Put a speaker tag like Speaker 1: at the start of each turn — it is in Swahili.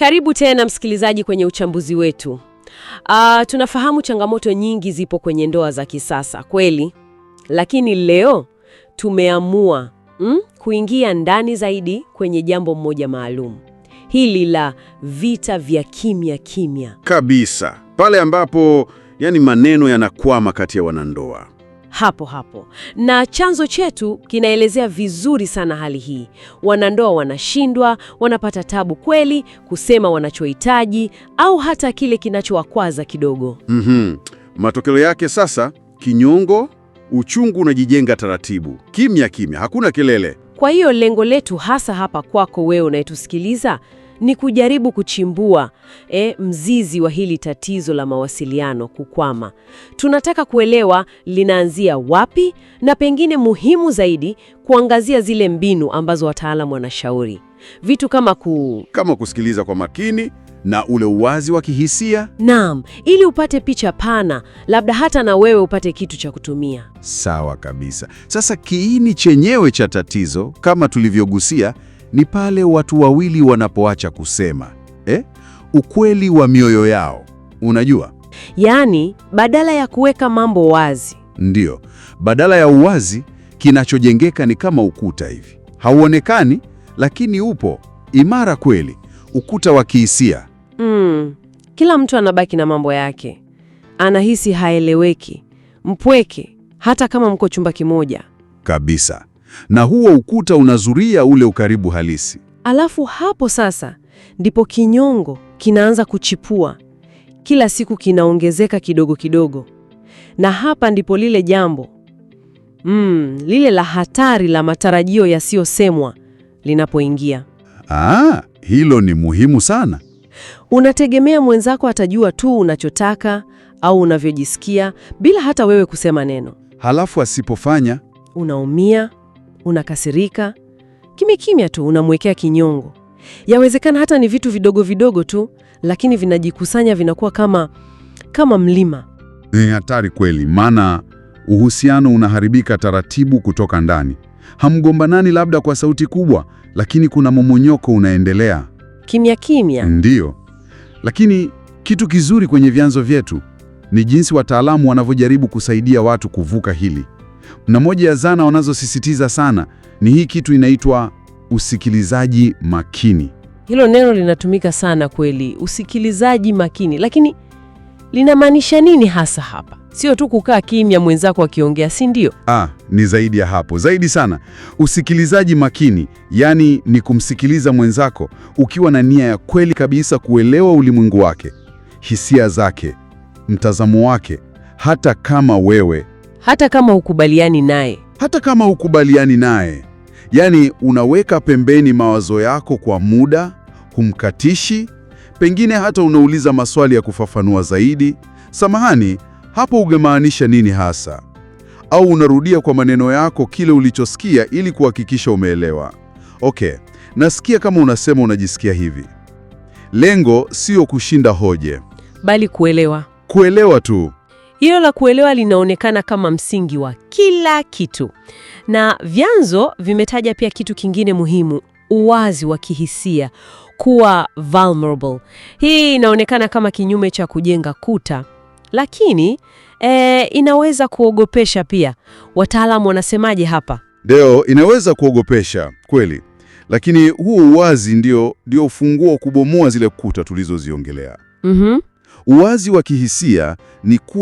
Speaker 1: Karibu tena msikilizaji kwenye uchambuzi wetu. Uh, tunafahamu changamoto nyingi zipo kwenye ndoa za kisasa kweli, lakini leo tumeamua mm, kuingia ndani zaidi kwenye jambo moja maalum, hili la vita vya kimya kimya
Speaker 2: kabisa, pale ambapo yani maneno yanakwama kati ya wanandoa
Speaker 1: hapo hapo, na chanzo chetu kinaelezea vizuri sana hali hii. Wanandoa wanashindwa, wanapata tabu kweli kusema wanachohitaji au hata kile kinachowakwaza kidogo.
Speaker 2: mm -hmm. Matokeo yake sasa, kinyongo, uchungu unajijenga taratibu, kimya kimya, hakuna kelele.
Speaker 1: Kwa hiyo lengo letu hasa hapa kwako wewe unayetusikiliza ni kujaribu kuchimbua eh, mzizi wa hili tatizo la mawasiliano kukwama. Tunataka kuelewa linaanzia wapi na pengine muhimu zaidi kuangazia zile mbinu ambazo wataalamu wanashauri. Vitu kama ku...
Speaker 2: kama kusikiliza kwa makini, na ule uwazi wa kihisia.
Speaker 1: Naam, ili upate picha pana, labda hata na wewe upate kitu cha kutumia.
Speaker 2: Sawa kabisa. Sasa kiini chenyewe cha tatizo kama tulivyogusia ni pale watu wawili wanapoacha kusema eh, ukweli wa mioyo yao. Unajua,
Speaker 1: yaani badala ya kuweka mambo wazi,
Speaker 2: ndiyo, badala ya uwazi, kinachojengeka ni kama ukuta hivi, hauonekani lakini upo imara kweli, ukuta wa kihisia
Speaker 1: Mm. Kila mtu anabaki na mambo yake, anahisi haeleweki, mpweke, hata kama mko chumba kimoja
Speaker 2: kabisa, na huo ukuta unazuria ule ukaribu halisi.
Speaker 1: Alafu hapo sasa ndipo kinyongo kinaanza kuchipua, kila siku kinaongezeka kidogo kidogo, na hapa ndipo lile jambo mm, lile la hatari la matarajio yasiyosemwa linapoingia.
Speaker 2: Ah, hilo ni muhimu sana.
Speaker 1: Unategemea mwenzako atajua tu unachotaka au unavyojisikia bila hata wewe kusema neno.
Speaker 2: Halafu asipofanya,
Speaker 1: unaumia, unakasirika, kimya kimya tu unamwekea kinyongo. Yawezekana hata ni vitu vidogo vidogo tu, lakini vinajikusanya, vinakuwa kama kama mlima.
Speaker 2: Ni hatari kweli, maana uhusiano unaharibika taratibu kutoka ndani. Hamgombanani labda kwa sauti kubwa, lakini kuna momonyoko unaendelea
Speaker 1: kimya kimya.
Speaker 2: Ndiyo. Lakini kitu kizuri kwenye vyanzo vyetu ni jinsi wataalamu wanavyojaribu kusaidia watu kuvuka hili, na moja ya zana wanazosisitiza sana ni hii kitu inaitwa usikilizaji makini.
Speaker 1: Hilo neno linatumika sana kweli, usikilizaji makini, lakini linamaanisha nini hasa hapa? sio tu kukaa kimya mwenzako akiongea, si ndio?
Speaker 2: Ah, ni zaidi ya hapo, zaidi sana. Usikilizaji makini, yaani ni kumsikiliza mwenzako ukiwa na nia ya kweli kabisa kuelewa ulimwengu wake, hisia zake, mtazamo wake, hata kama wewe,
Speaker 1: hata kama hukubaliani naye,
Speaker 2: hata kama hukubaliani naye. Yaani unaweka pembeni mawazo yako kwa muda, humkatishi, pengine hata unauliza maswali ya kufafanua zaidi. Samahani, hapo ungemaanisha nini hasa? Au unarudia kwa maneno yako kile ulichosikia ili kuhakikisha umeelewa? Okay, nasikia kama unasema unajisikia hivi. Lengo sio kushinda hoje
Speaker 1: bali kuelewa.
Speaker 2: Kuelewa tu.
Speaker 1: Hilo la kuelewa linaonekana kama msingi wa kila kitu, na vyanzo vimetaja pia kitu kingine muhimu: uwazi wa kihisia, kuwa vulnerable. Hii inaonekana kama kinyume cha kujenga kuta lakini e, inaweza kuogopesha pia. Wataalamu wanasemaje hapa?
Speaker 2: Ndio, inaweza kuogopesha kweli, lakini huo uwazi ndio ndio ufunguo wa kubomoa zile kuta tulizoziongelea. mm -hmm. Uwazi wa kihisia ni ku